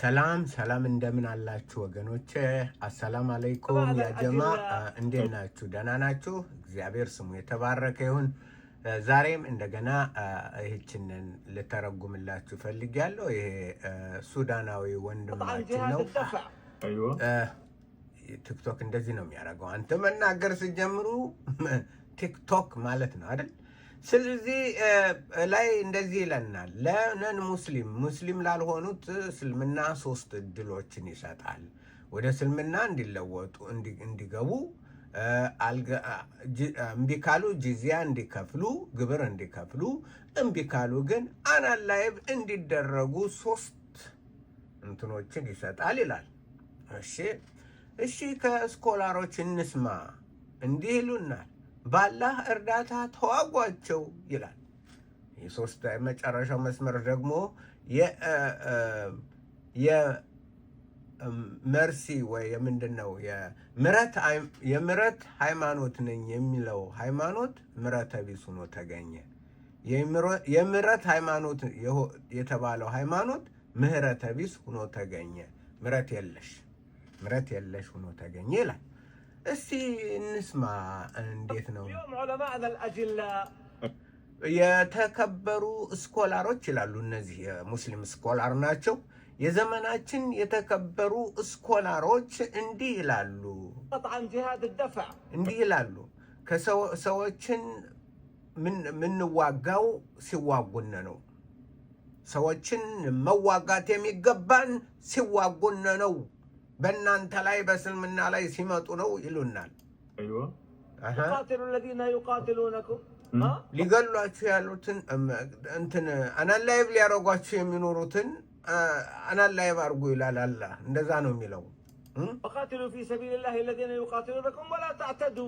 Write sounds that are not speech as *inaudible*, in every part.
ሰላም ሰላም፣ እንደምን አላችሁ ወገኖች? አሰላም አለይኩም ያጀማ፣ እንዴት ናችሁ? ደህና ናችሁ? እግዚአብሔር ስሙ የተባረከ ይሁን። ዛሬም እንደገና ይህችንን ልተረጉምላችሁ ፈልጊያለሁ። ይሄ ሱዳናዊ ወንድማችን ነው። ቲክቶክ እንደዚህ ነው የሚያደርገው። አንተ መናገር ስጀምሩ ቲክቶክ ማለት ነው አይደል? ስለዚህ ላይ እንደዚህ ይለናል። ለነን ሙስሊም ሙስሊም ላልሆኑት እስልምና ሶስት እድሎችን ይሰጣል። ወደ እስልምና እንዲለወጡ እንዲገቡ፣ እምቢ ካሉ ጂዚያ እንዲከፍሉ ግብር እንዲከፍሉ፣ እምቢ ካሉ ግን አናላይብ እንዲደረጉ ሶስት እንትኖችን ይሰጣል ይላል። እሺ እሺ፣ ከስኮላሮች እንስማ። እንዲህ ይሉናል ባላህ እርዳታ ተዋጓቸው ይላል። የሶስት መጨረሻው መስመር ደግሞ የመርሲ ወይ የምንድን ነው የምረት ሃይማኖት ነኝ የሚለው ሃይማኖት ምረተ ቢሱ ሆኖ ተገኘ። የምረት ሃይማኖት የተባለው ሃይማኖት ምህረተ ቢስ ሆኖ ተገኘ። ምረት የለሽ ምረት የለሽ ሆኖ ተገኘ ይላል። እስቲ እንስማ። እንዴት ነው የተከበሩ ስኮላሮች ይላሉ። እነዚህ የሙስሊም ስኮላር ናቸው። የዘመናችን የተከበሩ ስኮላሮች እንዲህ ይላሉ እንዲህ ይላሉ ከሰዎችን ምንዋጋው ሲዋጉነ ነው። ሰዎችን መዋጋት የሚገባን ሲዋጉነ ነው። በእናንተ ላይ በእስልምና ላይ ሲመጡ ነው ይሉናል። ሊገሏችሁ ያሉትን እንትን አናላይብ ሊያደርጓችሁ የሚኖሩትን አናላይብ አድርጉ ይላል አላ። እንደዛ ነው የሚለው ወቃትሉ ፊ ሰቢልላህ አለዚነ ዩቃትሉነኩም ወላ ተዕተዱ።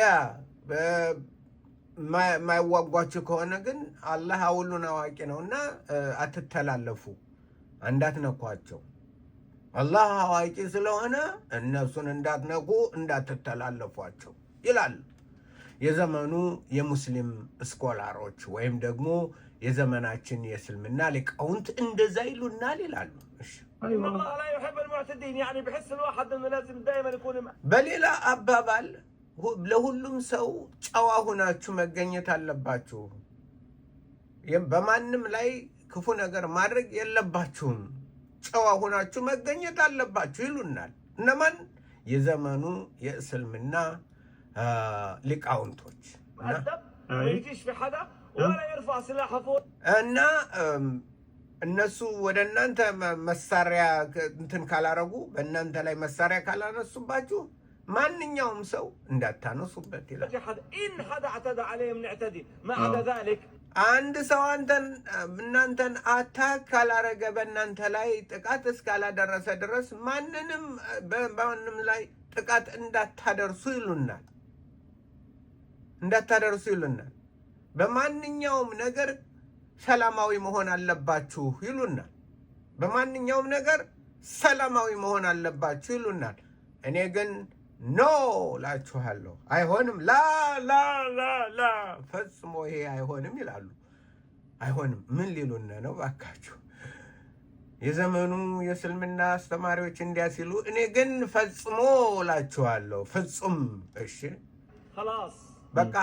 ያ የማይዋጓችሁ ከሆነ ግን አላህ አውሉን አዋቂ ነው እና አትተላለፉ፣ እንዳትነኳቸው አላህ አዋቂ ስለሆነ እነሱን እንዳትነኩ እንዳትተላለፏቸው ይላል የዘመኑ የሙስሊም ስኮላሮች ወይም ደግሞ የዘመናችን የእስልምና ሊቃውንት እንደዛ ይሉናል ይላሉ። በሌላ አባባል ለሁሉም ሰው ጨዋ ሁናችሁ መገኘት አለባችሁ። በማንም ላይ ክፉ ነገር ማድረግ የለባችሁም። ጨዋ ሆናችሁ መገኘት አለባችሁ ይሉናል። እነማን? የዘመኑ የእስልምና ሊቃውንቶች እና እነሱ ወደ እናንተ መሳሪያ እንትን ካላረጉ በእናንተ ላይ መሳሪያ ካላነሱባችሁ ማንኛውም ሰው እንዳታነሱበት ይላል። አንድ ሰው አንተን እናንተን አታክ ካላረገ በእናንተ ላይ ጥቃት እስካላደረሰ ድረስ ማንንም በማንም ላይ ጥቃት እንዳታደርሱ ይሉናል እንዳታደርሱ ይሉናል። በማንኛውም ነገር ሰላማዊ መሆን አለባችሁ ይሉናል። በማንኛውም ነገር ሰላማዊ መሆን አለባችሁ ይሉናል። እኔ ግን ኖ ላችኋለሁ፣ አይሆንም። ላ ላ ላ ላ ፈጽሞ ይሄ አይሆንም ይላሉ። አይሆንም ምን ሊሉን ነው? ባካችሁ የዘመኑ የእስልምና አስተማሪዎች እንዲያ ሲሉ፣ እኔ ግን ፈጽሞ ላችኋለሁ፣ ፍጹም እሺ፣ በቃ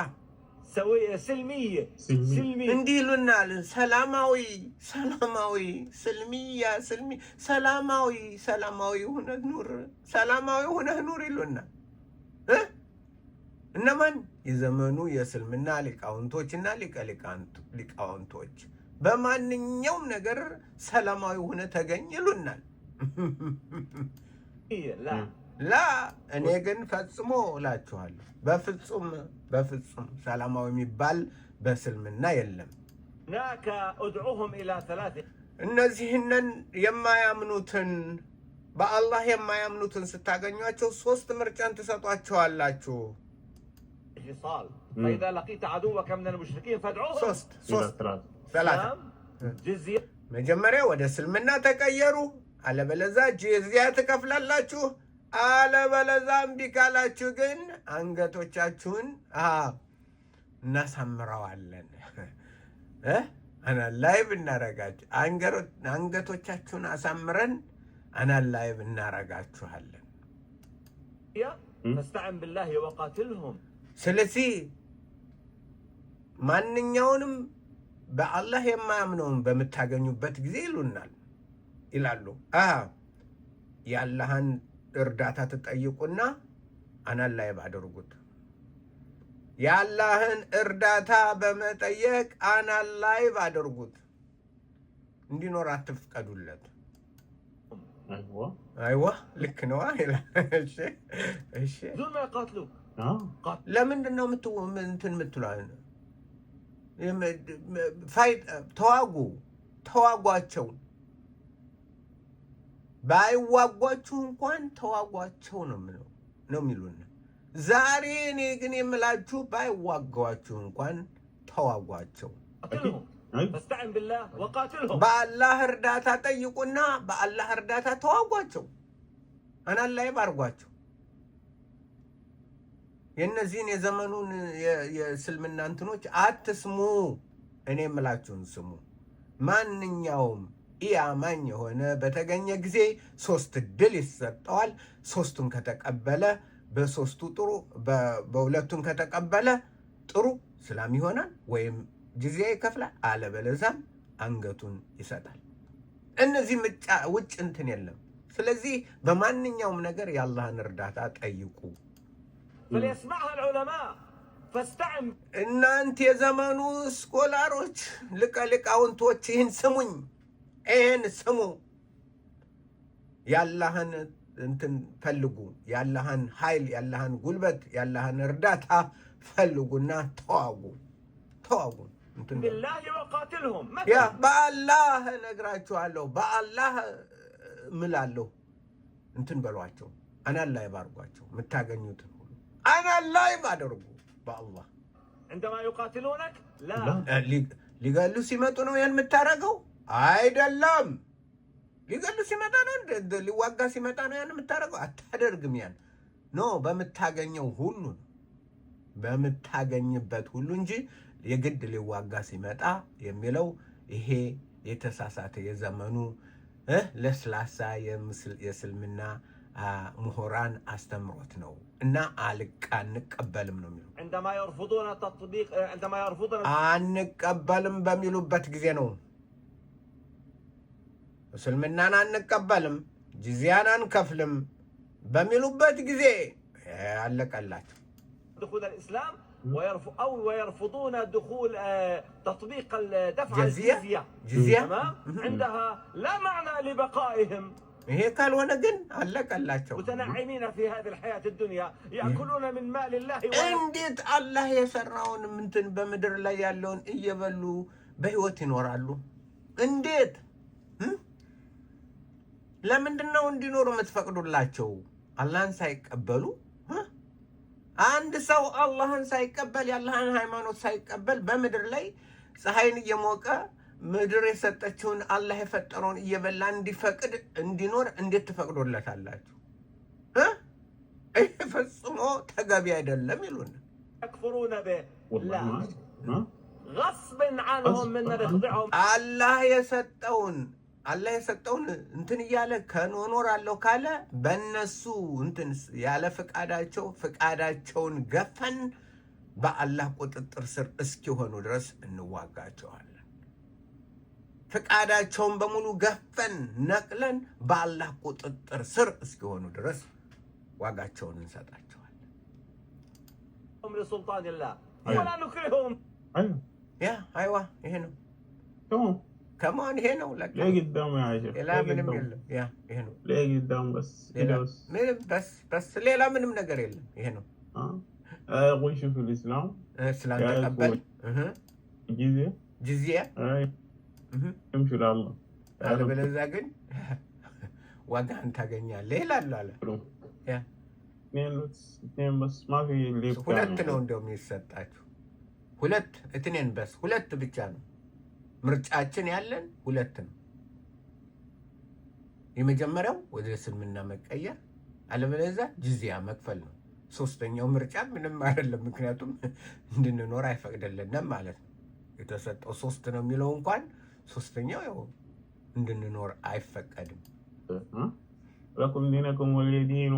ሰውዬ ስልሚየ ስልሚ እንዲህ ይሉናል። ሰላማዊ ሰላማዊ ስልሚያ ስልሚ ሰላማዊ ሰላማዊ ሁነህ ኑር፣ ሰላማዊ ሁነህ ኑር ይሉናል። እነማን የዘመኑ የእስልምና ሊቃውንቶችና ሊቃውንቶች በማንኛውም ነገር ሰላማዊ ሁነህ ተገኝ ይሉናል። ላ እኔ ግን ፈጽሞ እላችኋለሁ በፍጹም በፍጹም ሰላማዊ የሚባል በእስልምና የለም። እነዚህንን የማያምኑትን በአላህ የማያምኑትን ስታገኟቸው ሶስት ምርጫን ትሰጧቸዋላችሁ። መጀመሪያ ወደ እስልምና ተቀየሩ፣ አለበለዛ ጂዝያ ትከፍላላችሁ። አለበለዛ እምቢ ካላችሁ ግን አንገቶቻችሁን እናሳምረዋለን አናላይብ እናረጋችሁ አንገቶቻችሁን አሳምረን አናላይብ እናረጋችኋለን። ፈስተዕን ብላህ ወቃትልሁም። ስለዚህ ማንኛውንም በአላህ የማያምነውን በምታገኙበት ጊዜ ይሉናል ይላሉ የአላህን እርዳታ ትጠይቁና አናን ላይቭ አድርጉት። የአላህን እርዳታ በመጠየቅ አናን ላይቭ አድርጉት። እንዲኖር አትፍቀዱለት። አይዋ ልክ ነዋ። ለምንድን ነው እንትን የምትሏል? ተዋጉ፣ ተዋጓቸውን ባይዋጓችሁ እንኳን ተዋጓቸው ነው ምለው ነው የሚሉን። ዛሬ እኔ ግን የምላችሁ ባይዋጓችሁ እንኳን ተዋጓቸው። በአላህ እርዳታ ጠይቁና በአላህ እርዳታ ተዋጓቸው። እና ላይ ባርጓቸው። የእነዚህን የዘመኑን የእስልምና እንትኖች አትስሙ። እኔ የምላችሁን ስሙ ማንኛውም ኢአማኝ የሆነ በተገኘ ጊዜ ሶስት እድል ይሰጠዋል። ሶስቱን ከተቀበለ በሶስቱ ጥሩ በሁለቱን ከተቀበለ ጥሩ ስላም ይሆናል ወይም ጊዜ ይከፍላል፣ አለበለዛም አንገቱን ይሰጣል። እነዚህ ውጭ እንትን የለም። ስለዚህ በማንኛውም ነገር የአላህን እርዳታ ጠይቁ። እናንት የዘመኑ ስኮላሮች ልቀ ሊቃውንቶች ይህን ስሙኝ። ይህን ስሙ። ያላህን እንትን ፈልጉ፣ ያላህን ኃይል፣ ያላህን ጉልበት፣ ያላህን እርዳታ ፈልጉና ተዋጉ፣ ተዋጉ። ያ በአላህ ነግራችኋለሁ፣ በአላህ ምላለሁ። እንትን በሏቸው፣ አናን ላይ ባርጓቸው፣ የምታገኙትን ሁሉ አናን ላይ ባደርጉ። በአላህ ሊገሉ ሲመጡ ነው ይህን የምታደርገው አይደለም። ሊገሉ ሲመጣ ነው ሊዋጋ ሲመጣ ነው ያን የምታደርገው። አታደርግም። ያን ኖ በምታገኘው ሁሉ በምታገኝበት ሁሉ እንጂ የግድ ሊዋጋ ሲመጣ የሚለው ይሄ የተሳሳተ የዘመኑ ለስላሳ የእስልምና ምሁራን አስተምሮት ነው እና አልቃ አንቀበልም ነው የሚሉ አንቀበልም በሚሉበት ጊዜ ነው እስልምናን አንቀበልም፣ ጅዚያን አንከፍልም በሚሉበት ጊዜ ያለቀላቸው ይሄ ካልሆነ ግን አለቀላቸው። እንዴት አላህ የሰራውን ምንትን በምድር ላይ ያለውን እየበሉ በህይወት ይኖራሉ? እንዴት ለምንድን ነው እንዲኖሩ የምትፈቅዱላቸው? አላህን ሳይቀበሉ አንድ ሰው አላህን ሳይቀበል የአላህን ሃይማኖት ሳይቀበል በምድር ላይ ፀሐይን እየሞቀ ምድር የሰጠችውን አላህ የፈጠረውን እየበላ እንዲፈቅድ እንዲኖር እንዴት ትፈቅዶለታላችሁ? ይህ ፈጽሞ ተገቢ አይደለም ይሉን አላህ የሰጠውን አላህ የሰጠውን እንትን እያለ አለው ካለ በእነሱ እንትን ያለ ፍቃዳቸው ፍቃዳቸውን ገፈን በአላህ ቁጥጥር ስር እስኪሆኑ ድረስ እንዋጋቸዋለን። ፍቃዳቸውን በሙሉ ገፈን ነቅለን በአላህ ቁጥጥር ስር እስኪሆኑ ድረስ ዋጋቸውን እንሰጣቸዋለን። ላ ያ አይዋ ይሄ ነው ከማን ይሄ ነው። ሌላ ምንም የለም። ይሄ ነው በስ ሌላ ምንም ነገር የለም። ይሄ ነው ተቀበል አለበለዚያ ግን *laughs* ታገኛለህ አለ። ሁለት ነው እንደውም የሚሰጣችሁ ሁለት እትኔን በስ ሁለት ብቻ ነው። ምርጫችን ያለን ሁለት ነው። የመጀመሪያው ወደ እስልምና መቀየር፣ አለበለዚያ ጅዚያ መክፈል ነው። ሶስተኛው ምርጫ ምንም አይደለም፣ ምክንያቱም እንድንኖር አይፈቅድልንም ማለት ነው። የተሰጠው ሶስት ነው የሚለው እንኳን ሶስተኛው ያው እንድንኖር አይፈቀድም። ለኩም ዲነኩም ወልየዲን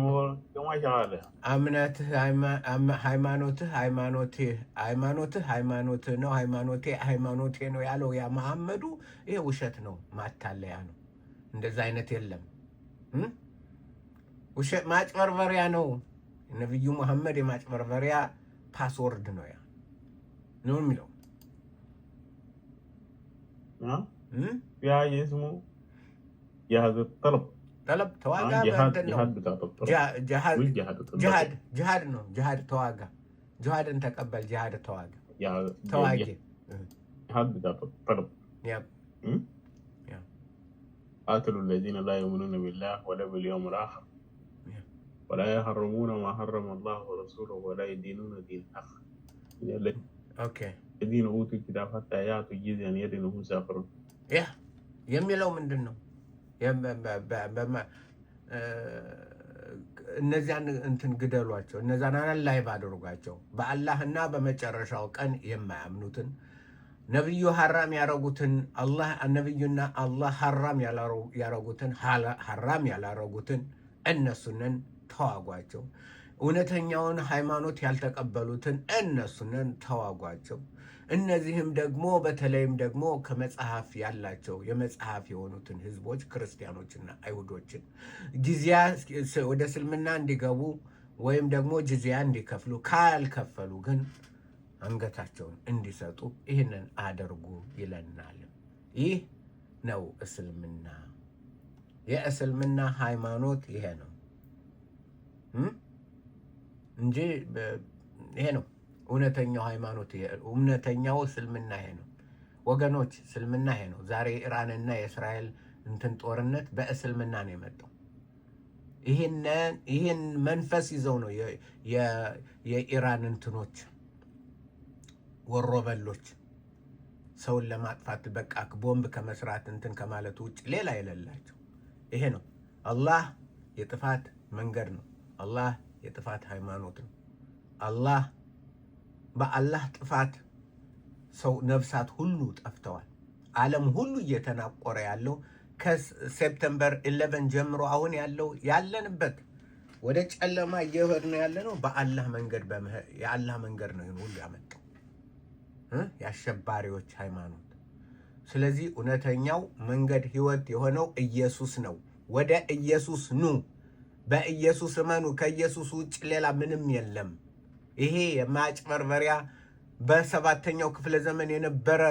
ደግሞ አይቻላለህ። እምነትህ ሃይማኖትህ ሃይማኖትህ ሃይማኖትህ ሃይማኖትህ ነው። ሃይማኖቴ ሃይማኖቴ ነው ያለው ያ መሐመዱ፣ ይሄ ውሸት ነው፣ ማታለያ ነው። እንደዛ አይነት የለም። ውሸት ማጭበርበሪያ ነው። ነቢዩ መሐመድ የማጭበርበሪያ ፓስወርድ ነው ያ ነው የሚለው ያ የስሙ ያዘ ጠልብ طلب تواجه جهاد جهاد بتاعت الطلب جهاد جهاد جهاد انه جهاد تواجه جهاد ان تقبل جهاد تواجه جهاد تواجه جهاد بتاعت الطلب يب قاتلوا الذين لا يؤمنون بالله ولا باليوم الآخر ولا يحرمون ما حرم الله ورسوله ولا يدينون دين الحق اوكي الذين اوتوا الكتاب حتى ياتوا جزيا يد انهم سافرون يا يمي لو من دنو እነዚያን እንትን ግደሏቸው፣ እነዛን አላይብ አድርጓቸው። በአላህና በመጨረሻው ቀን የማያምኑትን ነቢዩ ሐራም ያረጉትን ነቢዩና አላህ ሐራም ያረጉትን ሐራም ያላረጉትን እነሱንን ተዋጓቸው። እውነተኛውን ሃይማኖት ያልተቀበሉትን እነሱንን ተዋጓቸው። እነዚህም ደግሞ በተለይም ደግሞ ከመጽሐፍ ያላቸው የመጽሐፍ የሆኑትን ህዝቦች ክርስቲያኖችና አይሁዶችን ጊዜያ ወደ እስልምና እንዲገቡ ወይም ደግሞ ጊዜያ እንዲከፍሉ ካልከፈሉ ግን አንገታቸውን እንዲሰጡ ይህንን አድርጉ ይለናል። ይህ ነው እስልምና። የእስልምና ሃይማኖት ይሄ ነው እንጂ ይሄ ነው። እውነተኛው ሃይማኖት እውነተኛው እስልምና ይሄ ነው ወገኖች፣ እስልምና ይሄ ነው። ዛሬ ኢራንና የእስራኤል እንትን ጦርነት በእስልምና ነው የመጣው። ይህን መንፈስ ይዘው ነው የኢራን እንትኖች ወሮበሎች ሰውን ለማጥፋት በቃ ቦምብ ከመስራት እንትን ከማለት ውጭ ሌላ የሌላቸው ይሄ ነው። አላህ የጥፋት መንገድ ነው። አላህ የጥፋት ሃይማኖት ነው። አላህ በአላህ ጥፋት ሰው ነፍሳት ሁሉ ጠፍተዋል። ዓለም ሁሉ እየተናቆረ ያለው ከሴፕተምበር 11 ጀምሮ አሁን ያለው ያለንበት ወደ ጨለማ እየሄድን ያለ ነው። በአላህ መንገድ የአላህ መንገድ ነው ይህን ሁሉ ያመጣው የአሸባሪዎች ሃይማኖት። ስለዚህ እውነተኛው መንገድ ህይወት የሆነው ኢየሱስ ነው። ወደ ኢየሱስ ኑ፣ በኢየሱስ እመኑ። ከኢየሱስ ውጭ ሌላ ምንም የለም። ይሄ የማጭበርበሪያ በሰባተኛው ክፍለ ዘመን የነበረ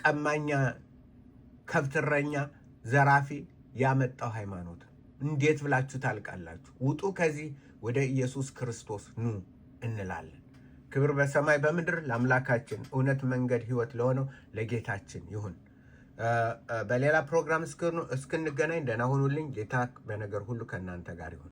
ቀማኛ፣ ከብትረኛ፣ ዘራፊ ያመጣው ሃይማኖት እንዴት ብላችሁ ታልቃላችሁ? ውጡ ከዚህ ወደ ኢየሱስ ክርስቶስ ኑ እንላለን። ክብር በሰማይ በምድር ለአምላካችን እውነት መንገድ ህይወት ለሆነው ለጌታችን ይሁን። በሌላ ፕሮግራም እስክንገናኝ ደህና ሁኑልኝ። ጌታ በነገር ሁሉ ከእናንተ ጋር ይሁን።